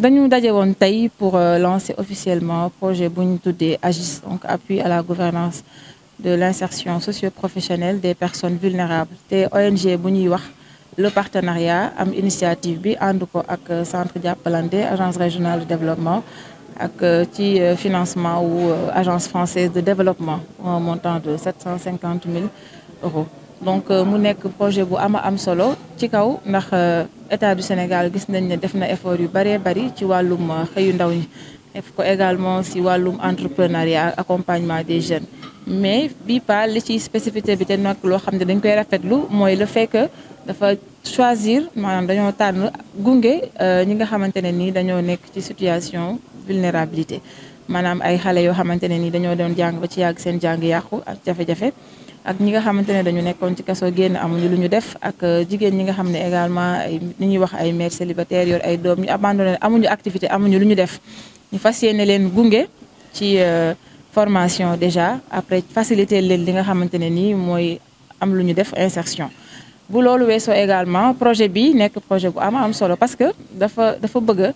Nous avons pour euh, lancer officiellement le projet Bouni Toudé donc appui à la gouvernance de l'insertion socio-professionnelle des personnes vulnérables Et ONG le partenariat avec initiative avec euh, le centre agence régionale de développement avec euh, le financement ou agence française de développement en montant de 750 000 euros donc euh, mu nek projet bu ama am solo ci kaw ndax euh, état du Sénégal gis nañ ne def na effort yu bari bari ci walum euh, xeyu ndaw ñi def ko également si walum entrepreneuriat accompagnement des jeunes mais bi pa li ci spécificité bi té nag lo xamné dañ koy rafetlu moy le fait que dafa choisir maanaam dañoo tànn gunge ñi nga xamante ne nii dañoo ci situation vulnérabilité manam ay xalé yo xamantene ni dañoo doon jang ba ci yag seen jang yàqu ak jafe-jafe ak ñi nga xamantene dañu nekkon ci kasso génn amuñu luñu def ak euh, jigéen ñi nga xamné également ay ni ñuy wax ay mère célibataire yor ay doom ñu abandonné amuñu activité amuñu lu ñu def ñu fas leen ci euh, formation déjà après faciliter leen li nga xamantene ni moy am luñu def insertion bu lolu wesso également projet bi nek projet bu am am solo parce que dafa dafa bëgg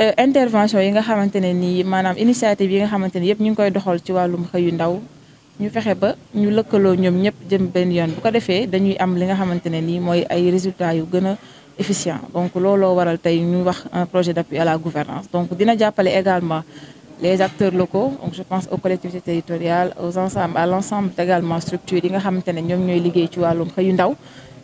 euh, intervention yi nga xamantene ni manam initiative yi nga xamantene ne ñu ngi koy doxal ci walum xeyu ndaw ñu fexé ba ñu lekkelo ñom ñëpp jëm ben yoon bu ko défé dañuy am li nga xamantene ni moy ay résultats yu gëna efficient donc looloo waral tay ñu wax un projet d'appui à la gouvernance donc dina jappalé également les acteurs locaux donc je pense aux collectivités territoriales aux ensembles à l'ensemble également structure yi nga xamantene ñom ñoy liggéey ci walum xeyu ndaw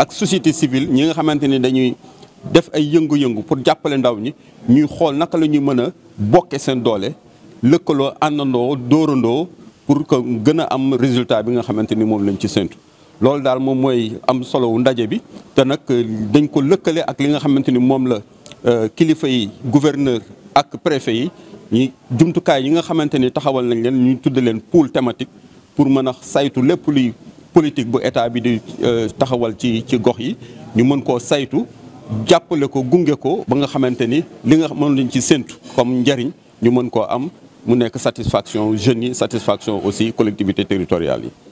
ak société civile ñi nga xamante ni dañuy def ay yëngu-yëngu pour jàppale ndaw ñi ñuy xool naka la ñuy mën a bokke seen doole lëkkaloo àndandoo dóorandoo pour que gën a am résultat bi nga xamante ni moom lañ ci séntu loolu daal moom mooy am solo ndaje bi te nag euh, dañ ko lëkkale ak li nga xamante ni moom la euh, kilifa yi gouverneur ak préfet yi ñi jumtukaay yi nga xamante ni taxawal nañ leen ñu tudd leen pôle thématique pour mën a saytu lépp luy politique bu état bi di euh, taxawal ci ci gox yi ñu mën koo saytu jàppale ko gunge ko ba nga xamante ni li nga mën lañ ci séntu comme njariñ ñu mën koo am mu nekk satisfaction jeunes yi satisfaction aussi collectivités territoriales yi